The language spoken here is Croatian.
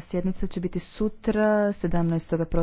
sjednica će biti sutra, 17. prosinca.